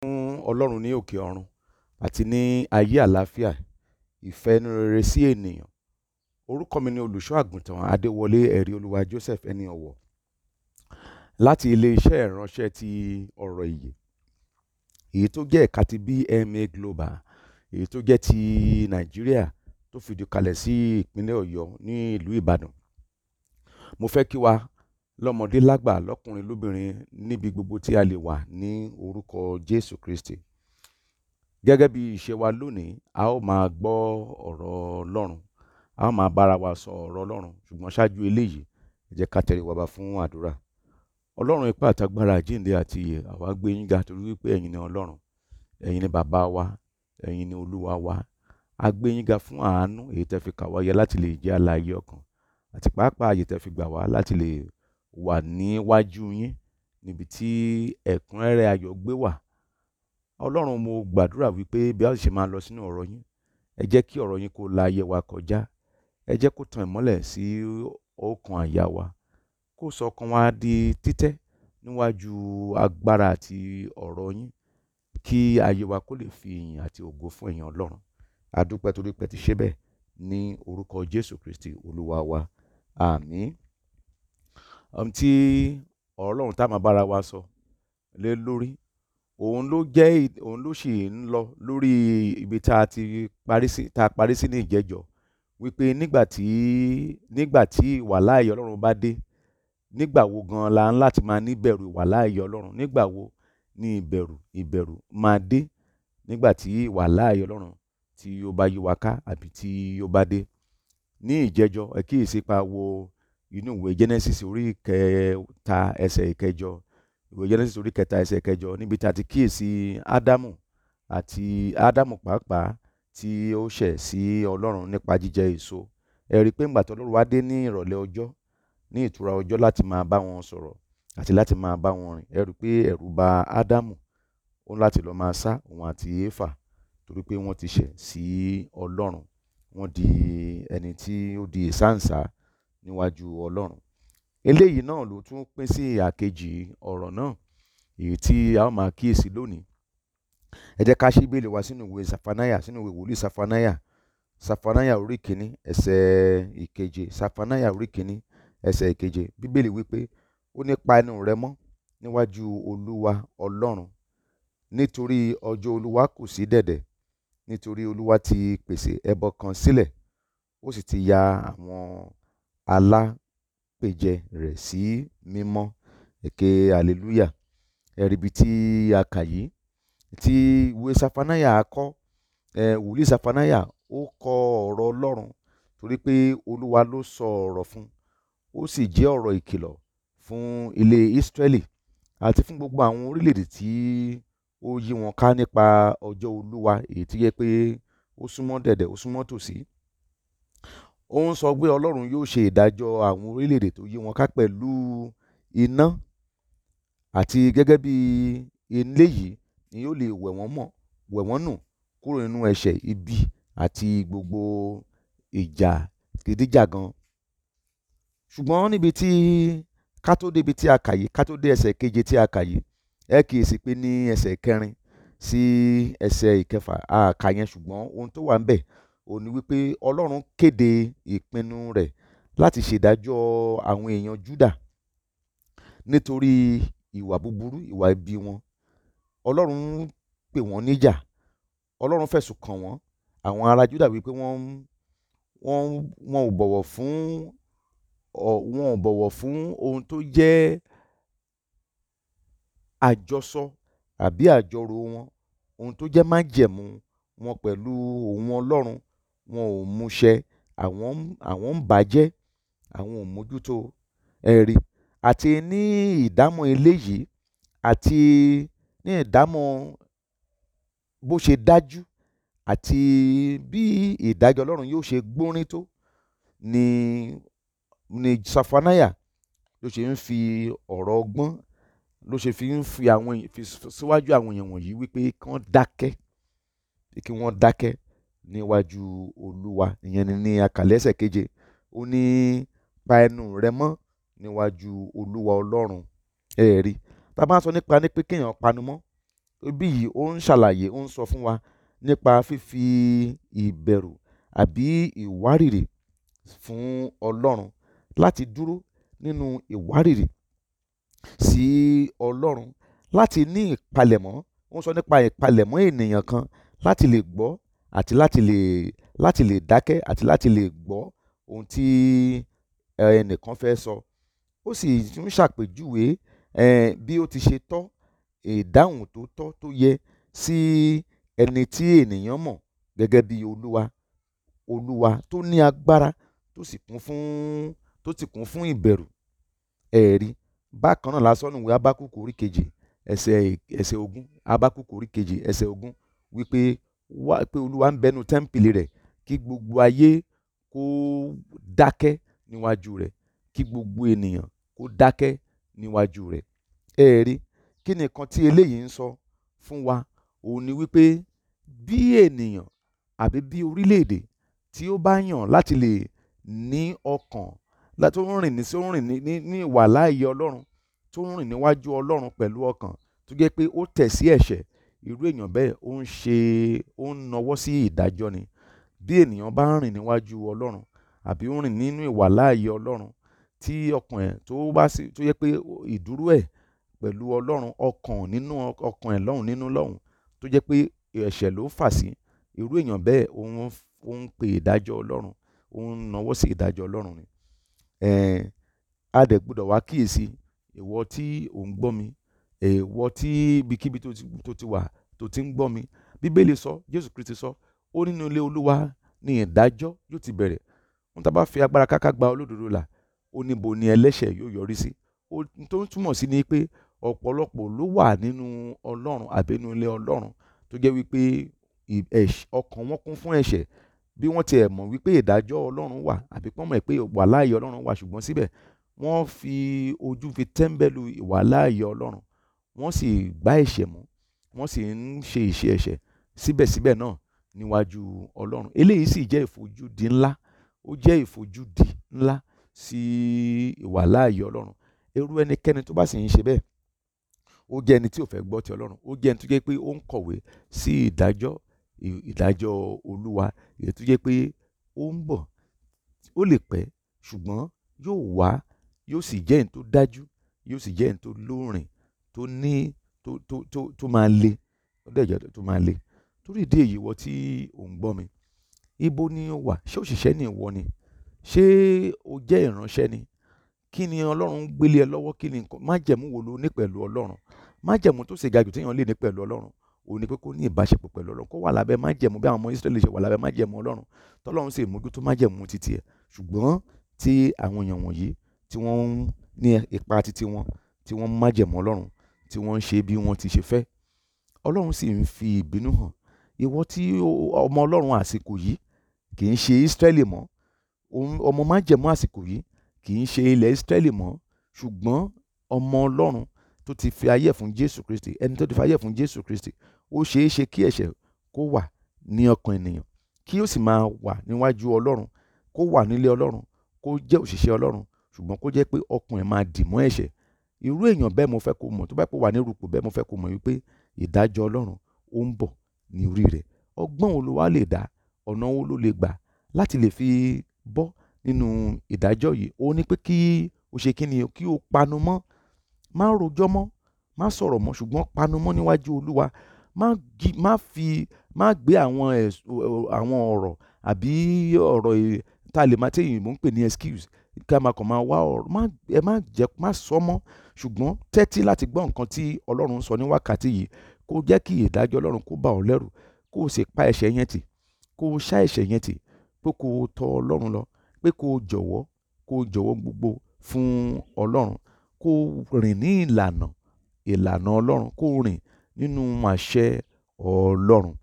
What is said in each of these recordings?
fún Ọlọ́run ní òkè ọ̀run àti ní ayé àlàáfíà ìfẹ́ inú rere sí ènìyàn orúkọ mi ni olùṣọ́ àgùntàn Adéwọlé ẹ̀rí olúwa Joseph ẹni ọ̀wọ̀ láti iléeṣẹ́ ìránṣẹ́ ti ọ̀rọ̀ ìyè èyí tó jẹ́ ẹ̀ka ti BMA Global èyí tó jẹ́ ti Nàìjíríà tó fìdí kalẹ̀ sí ìpínlẹ̀ Ọ̀yọ́ ní ìlú Ìbàdàn mo fẹ́ kí wa lọ́mọdé lágbà lọ́kùnrin lóbìnrin níbi gbogbo tí a lè wà ní orúkọ Jésù Kristi gẹ́gẹ́ bí ìṣe wa lónìí a ó máa gbọ́ ọ̀rọ̀ Ọlọ́run a ó máa bára wa sọ ọ̀rọ̀ Ọlọ́run ṣùgbọ́n ṣáájú eléyìí ẹ jẹ́ ká tẹ̀lé wa bá fún àdúrà Ọlọ́run ipá àtagbára àjíǹde àti ìyè àwa gbé yín ga torí wípé ẹ̀yin ni Ọlọ́run ẹ̀yin ni bàbá wa ẹ̀yin ni Olúwa wa a gbé yín ga fún àánú èyí tẹ́ fi kà wá láti lè jẹ́ alààyè ọkàn àti pàápàá àyè tẹ́ fi gbà wá láti lè wà níwájú yín níbi tí ẹ̀kúnrẹ́rẹ́ ayọ̀ gbé wà ọlọ́run mo gbàdúrà wípé bí a ṣe máa lọ sínú ọ̀rọ̀ yín ẹ jẹ́ kí ọ̀rọ̀ yín kó la ayé wa kọjá ẹ jẹ́ kó tan ìmọ́lẹ̀ sí ọkàn àyà wa kó sọ ọkàn wa di títẹ́ níwájú agbára àti ọ̀rọ̀ yín kí ayé wa kó lè fi ìyìn àti ògo fún èèyàn ọlọ́run a dúpẹ́ ti ṣe bẹ́ẹ̀ ní orúkọ jésù kristi olúwa wa àmín um, tí ọ̀rọ̀ ọlọ́run tá a máa bára wa sọ lé lórí òun ló jẹ́ òun ló sì ń lọ lórí ibi tá a ti parí sí tá a parí sí ní ìjẹ́jọ́ wípé nígbà tí nígbà tí ìwàláàyè ọlọ́run bá dé nígbà wo gan la ń láti máa níbẹ̀rù ìwàláàyè ọlọ́run nígbà wo ni ìbẹ̀rù ìbẹ̀rù máa dé nígbà tí ìwàláàyè ọlọ́run tí ó bá yí wa ká àbí tí ó bá dé ní ìjẹ́jọ́ ẹ kíyèsí pa wo inú ìwé genesis orí kẹta ẹsẹ̀ ìkẹjọ ìwé genesis orí kẹta ẹsẹ̀ ìkẹjọ níbi tá a ti kíyèsí ádámù àti ádámù pàápàá tí ó ṣẹ̀ sí ọlọ́run nípa jíjẹ èso ẹ rí i pé ńgbà tó lọ́run wá dé ní ìrọ̀lẹ́ ọjọ́ ní ìtura ọjọ́ láti máa bá wọn sọ̀rọ̀ àti láti máa bá wọn rìn ẹ rí i pé ẹ̀rù bà ádámù ó láti lọ́ọ́ máa sá òun àti éfà torí pé wọ́n ti ṣẹ̀ sí ọlọ́run wọ́n di ẹni tí ó di ìsáǹsá níwájú ọlọ́run eléyìí náà ló tún pín sí àkejì ọ̀rọ̀ náà èyí tí a ó máa kíyèsí lónìí ẹ jẹ́ ká ṣí Bíbélì wa sínú ìwé safanaya sínú ìwé wòlíì safanaya safanaya orí kìíní ẹsẹ̀ ìkeje safanaya orí kìíní ẹsẹ̀ ìkeje bíbélì wípé ó ní pa ẹnu rẹ mọ́ níwájú olúwa ọlọ́run nítorí ọjọ́ olúwa kù sí dẹ̀dẹ̀ nítorí olúwa ti pèsè ẹbọ kan sílẹ̀ ó sì ti ya àwọn alápèjẹ rẹ̀ sí mímọ́ èké haleluya ẹ̀rí ibi tí a kà yìí tí ìwé safaniah kọ eh, wòlíì safaniah ó kọ ọ̀rọ̀ ọlọ́run torí pé olúwa ló sọ ọ̀rọ̀ fún ó sì jẹ́ ọ̀rọ̀ ìkìlọ̀ fún ilé israeli àti fún gbogbo àwọn orílẹ̀-èdè tí ó yí wọn ká nípa ọjọ́ olúwa èyí tí yẹ pé ó súnmọ́ dẹ̀dẹ̀ ó súnmọ́ tòsí. Si ó ń sọ pé ọlọ́run yóò ṣe ìdájọ́ àwọn orílẹ̀-èdè tó yí wọn ká pẹ̀lú iná àti gẹ́gẹ́ bí ilé yìí ni yóò lè wẹ̀ wọ́n mọ́ wẹ̀ wọ́n nù kúrò nínú ẹ̀ṣẹ̀ ibi àti gbogbo ìjà gidíjàgan ṣùgbọ́n níbi tí ká tó débi tí a kà yìí ká tó dé ẹsẹ̀ keje tí a kà yìí ẹ kìí pé ní ẹsẹ̀ kẹrin sí ẹsẹ̀ ìkẹfà a yẹn ṣùgbọ́n ohun tó wà ń bẹ̀ ó ní wípé ọlọ́run kéde ìpinnu rẹ̀ láti ṣèdájọ́ àwọn èèyàn juda, nítorí ìwà búburú ìwà ibi wọn ọlọ́run pè wọ́n níjà ọlọ́run fẹ̀sùn kàn wọ́n àwọn ará júdà wípé wọ́n wọ́n wọn ò bọ̀wọ̀ fún wọn ò bọ̀wọ̀ fún ohun tó jẹ́ àjọsọ àbí àjọrò wọn ohun tó jẹ́ májẹ̀mú wọn pẹ̀lú òun ọlọ́run wọn ò múṣẹ àwọn àwọn ń bàjẹ́ àwọn ò mójútó ẹ̀rí àti ní ìdámọ̀ eléyìí àti ní ìdámọ̀ bó ṣe dájú àti bí ìdájọ́ ọlọ́run yóò ṣe gbórín tó ni ni safanaya, ló ṣe ń fi ọ̀rọ̀ ọgbọ́n ló ṣe fi ń fi àwọn fi síwájú àwọn èèyàn wọ̀nyí wípé kí wọ́n kí wọ́n dákẹ́ níwájú olúwa ìyẹn ni ní akàlẹ́sẹ̀ keje ó ní pa ẹnu rẹ mọ́ níwájú olúwa ọlọ́run ẹ̀rí tá a bá sọ nípa ní pé kéèyàn panu mọ́ ibi yìí ó ń ṣàlàyé ó ń sọ fún wa nípa fífi ìbẹ̀rù àbí ìwárìrì fún ọlọ́run láti dúró nínú ìwárìrì sí ọlọ́run láti ní ìpalẹ̀mọ́ ó ń sọ nípa ìpalẹ̀mọ́ ènìyàn kan láti lè gbọ́ àti láti lè láti lè dákẹ́ àti láti lè gbọ́ ohun tí ẹnìkan fẹ́ sọ ó sì ń ṣàpèjúwe bí ó ti ṣe tọ́ ìdáhùn tó tọ́ tó yẹ sí ẹni tí ènìyàn mọ̀ gẹ́gẹ́ bí olúwa olúwa tó ní agbára tó sì kún fún tó sì kún fún ìbẹ̀rù ẹ̀rí bákan náà lásán nìwé abákùkù orí kejì ẹsẹ̀ ẹsẹ̀ ogún abákùkù orí kejì ẹsẹ̀ ogún wípé wá pé olúwa ń bẹnu tẹ́ḿpìlì rẹ̀ kí gbogbo ayé kó dákẹ́ níwájú rẹ̀ kí gbogbo ènìyàn kó dákẹ́ níwájú rẹ̀ ẹ rí kí nìkan tí eléyìí ń sọ fún wa òun ni wípé bí ènìyàn àbí bí orílẹ̀-èdè tí ó bá yàn láti lè ní ọkàn láti ó rìn ní sí ó rìn ní ní ìwà láàyè ọlọ́run tó ń rìn níwájú ọlọ́run pẹ̀lú ọkàn tó jẹ́ pé ó tẹ̀ sí ẹ̀ṣẹ̀ irú èèyàn bẹ́ẹ̀ ó ń ṣe ó ń nawọ́ sí ìdájọ́ ni bí ènìyàn bá ń rìn níwájú ọlọ́run àbí ó ń rìn nínú ìwàláàyè ọlọ́run tí ọkàn ẹ̀ tó bá sì tó yẹ pé ìdúró ẹ̀ pẹ̀lú ọlọ́run ọkàn nínú ọkàn ẹ̀ lọ́hùn nínú lọ́hùn tó jẹ́ pé ẹ̀ṣẹ̀ ló fà sí irú èèyàn bẹ́ẹ̀ ó ń pe ìdájọ́ ọlọ́run ó ń nawọ́ sí ìdájọ́ ọlọ́run ni a dẹ̀ wá kíyèsí ìwọ tí ò ń gbọ́ mi èèwọ̀ tí ibikíbi tó ti wà tó ti ń gbọ́ mi bíbélì sọ jésù kristi sọ ó nínú ilé olúwa ni ìdájọ́ yóò ti bẹ̀rẹ̀ wọn tá bá fi agbára káká gba olódodo là ó níbo ni ẹlẹ́ṣẹ̀ yóò yọrí sí ohun tó ń túmọ̀ sí ni pé ọ̀pọ̀lọpọ̀ ló wà nínú ọlọ́run àbẹ́nú ilé ọlọ́run tó jẹ́ wípé ọkàn wọn kún fún ẹ̀ṣẹ̀ bí wọ́n ti ẹ̀ mọ̀ wípé ìdájọ́ ọlọ́run wà àbí pọ́n mọ̀ pé ìwà láàyè ọlọ́run wà ṣùgbọ́n síbẹ̀ wọ́n fi ojú fi tẹ́ńbẹ́lú ìwà láàyè ọlọ́run wọ́n sì gbá ẹ̀ṣẹ̀ mú wọ́n sì ń ṣe ìṣe ẹ̀ṣẹ̀ síbẹ̀síbẹ̀ náà níwájú ọlọ́run eléyìí sì jẹ́ ìfojúdi ńlá ó jẹ́ ìfojúdi ńlá sí ìwàláàyè ọlọ́run irú ẹnikẹ́ni tó bá sì ń ṣe bẹ́ẹ̀ ó jẹ́ ẹni tí ò fẹ́ gbọ́ ti ọlọ́run ó jẹ́ ẹni tó jẹ́ pé ó ń kọ̀wé sí ìdájọ́ ìdájọ́ olúwa èyí tó jẹ́ pé ó ń bọ̀ ó lè pẹ́ ṣùgbọ́n yóò wá yóò sì jẹ́ ẹni tó dájú yóò sì jẹ́ ẹni tó lóòrìn tó ní tó tó tó tó máa le ó dẹ̀ jẹ́ tó máa le torí ìdí èyí wọ tí ò ń gbọ́ mi ibo ni o wà ṣé òṣìṣẹ́ ni ìwọ ni ṣé o jẹ́ ìránṣẹ́ ni kí ni ọlọ́run gbélé ẹ lọ́wọ́ kí ni májẹ̀mú wo ló ní pẹ̀lú ọlọ́run májẹ̀mú tó ṣe jù téèyàn lè ní pẹ̀lú ọlọ́run òun ni pé kó ní ìbáṣepọ̀ pẹ̀lú ọlọ́run kó wà lábẹ́ májẹ̀mú bí àwọn ọmọ Ísírẹ́lì ṣe wà lábẹ́ májẹ̀mú ọlọ́run tọ́lọ́run sì mójútó májẹ̀mú títí ẹ̀ ṣùgbọ́n tí àwọn èèyàn wọ̀nyí tí wọ́n ń ní ipa títí wọn tí wọ́n májẹ̀mú ọlọ́run tí wọ́n ń ṣe bí wọ́n ti ṣe fẹ́ ọlọ́run sì ń fi ìbínú hàn ìwọ tí ọmọ ọlọ́run àsìkò yìí kì í ṣe Ísírẹ́lì mọ́ ọmọ májẹ̀mú àsìkò yìí kì í ṣe ilẹ̀ Ísírẹ́lì mọ́ ṣùgbọ́n ọmọ ọlọ́run tó ti fi ayé fún Jésù Kristi ẹni tó ti fi ayé fún Jésù Kristi ó ṣeé ṣe kí ẹ̀ṣẹ̀ kó wà ní ọkàn ènìyàn kí ó sì máa wà níwájú ọlọ́run kó wà nílé ọlọ́run kó jẹ́ òṣìṣẹ́ ọlọ́run ṣùgbọ́n kó jẹ́ pé ọkàn ẹ̀ máa dì mọ́ ẹ̀ṣẹ̀ irú èèyàn bẹ́ẹ̀ mo fẹ́ kó mọ̀ tó bá pò wà ní rúpò bẹ́ẹ̀ mo fẹ́ kó mọ̀ wípé ìdájọ́ ọlọ́run ó ń bọ̀ ní orí rẹ̀ ọgbọ́n wo ló wá lè dá ọ̀nà wo ló lè gbà láti lè fi bọ́ nínú ìdájọ́ yìí ó ní pé kí o ṣe kí ni kí o panu mọ́ má rojọ́ mọ́ má sọ̀rọ̀ mọ́ ṣùgbọ́n panu mọ́ níwájú olúwa má fi má gbé àwọn ọ̀rọ̀ àbí ọ̀rọ̀ tá a lè máa tẹ̀yìn mò ń pè ní excuse ká máa kàn máa wá ọ̀rọ̀ ẹ má jẹ́ má sọ mọ́ ṣùgbọ́n tẹ́tí láti gbọ́ nǹkan tí ọlọ́run ń sọ ní wákàtí yìí kó jẹ́ kí ìdájọ́ ọlọ́run kó bà ọ́ lẹ́rù kó o sì pa ẹ̀ṣẹ̀ yẹn tì kó o ṣá ẹ̀ṣẹ̀ yẹn tì pé kó o tọ̀ ọlọ́run lọ pé kó o jọ̀wọ́ kó o jọ̀wọ́ gbogbo fún ọlọ́run kó o rìn ní ìlànà ìlànà ọlọ́run kó o rìn nínú àṣẹ ọlọ́run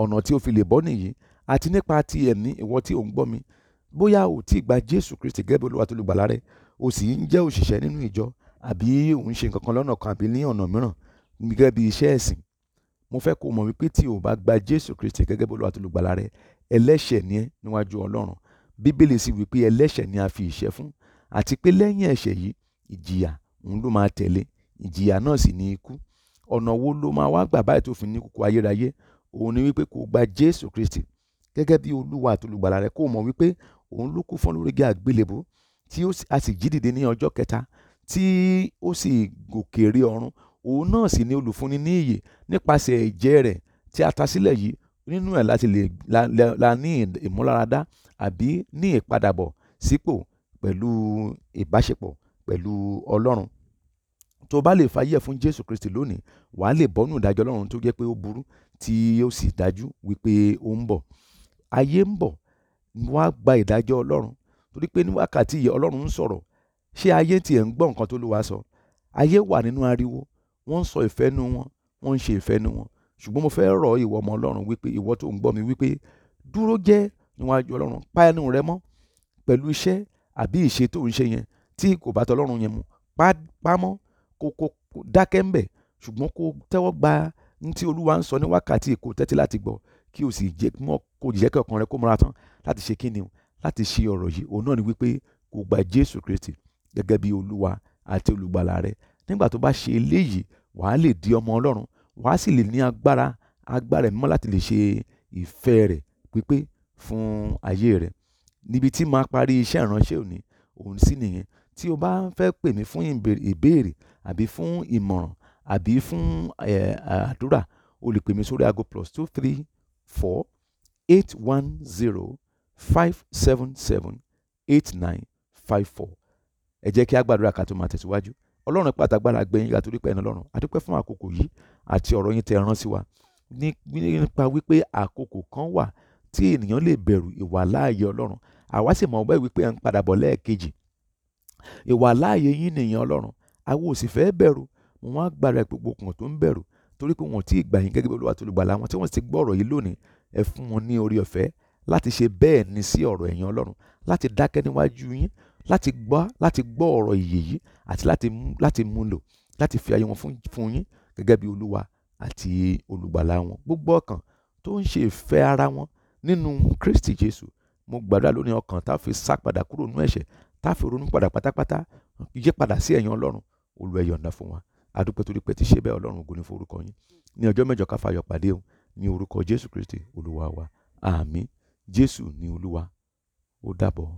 ọ̀nà tí o fi lè bọ́ nìyí àti nípa ti ẹ̀mí ìwọ tí ò ń gbọ́ mi bóyá o ti gba jésù kristi gẹ́gẹ́ bí olúwa tó lùgbàlà rẹ o sì ń jẹ́ òṣìṣẹ́ nínú ìjọ àbí o ṣe nǹkan kan lọ́nà kan àbí ní ọ̀nà mìíràn gẹ́gẹ́ bí iṣẹ́ ẹ̀sìn mo fẹ́ kó mọ̀ wípé tí o bá gba jésù kristi gẹ́gẹ́ bí olúwa tó lùgbàlà rẹ ẹlẹ́ṣẹ̀ ni ẹ́ níwájú ọlọ́run bíbélì sì wípé ẹlẹ́ṣẹ̀ ni a fi ìṣẹ́ fún àti pé lẹ́yìn ẹ̀ṣẹ̀ yìí ìjìyà òun ló máa tẹ̀lé ìjìyà náà sì ni ikú ọ̀nà wo ló máa wá gbà báyìí tó fi ní kókó ayérayé òun ni wípé kó gba jésù kristi gẹ́gẹ́ bí olúwa àtolùgbàlà rẹ kó mọ̀ wípé òun ló kú fún lórí igi àgbélébù tí a sì jí dìde ní ọjọ́ kẹta tí ó sì gòkè rí ọ̀run òun náà sì ni olùfúnni ní ìyè nípasẹ̀ ẹ̀jẹ̀ rẹ̀ tí a ta sílẹ̀ yìí nínú ẹ̀ láti lè la ní ìmúláradá àbí ní ìpadàbọ̀ sípò pẹ̀lú ìbáṣepọ̀ pẹ̀lú ọlọ́run tó bá lè fàyè fún jésù kristi lónìí wàá lè bọ́nú ìdájọ́ ọlọ́run tó jẹ́ pé ó burú tí ó sì dájú wípé ó ń bọ̀ ayé ń bọ̀ wá gba ìdájọ́ ọlọ́run torí pé ní wákàtí yìí ọlọ́run ń sọ̀rọ̀ ṣé ayé tiẹ̀ ń gbọ́ nǹkan tó ló wá sọ ayé wà nínú ariwo wọ́n ń sọ ìfẹ́ nu wọn wọ́n ń ṣe ìfẹ́ nu wọn ṣùgbọ́n mo fẹ́ rọ̀ ìwọ ọmọ ọlọ́run wípé ìwọ tó ń gbọ́ mi wípé dúró jẹ́ níwájú ọlọ́run pa ẹnu rẹ mọ́ pẹ̀lú iṣẹ́ àbí ìṣe tó ń ṣe yẹn tí kò bá tọlọ́run yẹn mu pamọ́ kó kó dákẹ́ ńbẹ̀ ṣùgbọ́n kó tẹ́wọ́ gba ní tí olúwa ń sọ ní wákàtí kò tẹ́tí láti gbọ́ kí o sì jẹ́ kí ọkàn rẹ kó múra tán láti ṣe kíni láti ṣe ọ̀rọ̀ yìí òun náà ni wípé kó gba Jésù Kristi gẹ́gẹ́ bí olúwa àti olùgbàlà rẹ nígbà tó bá ṣe eléyìí wàá lè di ọmọ Ọlọ́run wàá sì lè ní agbára agbára ẹ̀mọ́ láti lè ṣe ìfẹ́ rẹ̀ pípé fún ayé rẹ̀ níbi tí máa parí iṣẹ́ ìránṣẹ́ òní òun sì nìyẹn tí o bá fẹ́ pè mí fún ìbéèrè àbí fún ìmọ̀ràn àbí fún àdúrà o lè pè mí sórí aago plus two three four eight one zero five seven seven eight nine five four ẹ jẹ́ kí a gbàdúrà ká tó máa tẹ̀síwájú ọlọ́run pàtàgbára gbẹ̀yìn àtúrí pẹ̀ ní ọlọ́run àdúpẹ́ fún àkókò yìí àti ọ̀rọ̀ yín tẹ́ rán sí wa nípa wípé àkókò kan wà tí ènìyàn lè bẹ̀rù ìwà láàyè ọlọ́run àwa sì mọ̀ bẹ́ẹ̀ wípé ẹ̀ ń padà bọ̀ lẹ́ẹ̀kejì ìwà láàyè yín nìyẹn ọlọ́run àwa ò sì fẹ́ bẹ̀rù mo wá gbàdúrà gbogbo kan tó ń bẹ̀rù torí pé wọn ò gbà yín gẹ́gẹ́ bí olúwa tó lùgbàlà wọn tí wọ́n ti gbọ́ ọ̀rọ̀ yìí lónìí ẹ fún wọn ní orí ọ̀fẹ́ láti ṣe bẹ́ẹ̀ ni sí ọ̀rọ̀ ẹ̀yin ọlọ́run láti dákẹ́ níwájú yín láti gbọ́ láti gbọ́ ọ̀rọ̀ ìyè yìí àti láti láti mú lò láti fi ayé wọn fún fún yín gẹ́gẹ́ bí olúwa àti olùgbàlà wọn gbogbo ọkàn tó ń ṣe ìfẹ́ ara wọn nínú kristi jésù mo gbàdúrà lónìí ọkàn tá a fi sá padà kúrò nínú ẹ̀ṣẹ̀ tá a fi ronú padà pátápátá yí padà sí ẹ̀yin ọlọ́run olùẹ̀yọ̀ǹda fún wa adúpẹ́ torí pé ti ṣe bẹ́ẹ̀ ọlọ́run ògo ní forúkọ yín ní ọjọ́ mẹ́jọ ká fayọ̀ pàdé o ní orúkọ jésù kristi olúwa wa àmín Jésù ni Olúwa ó dàbọ̀.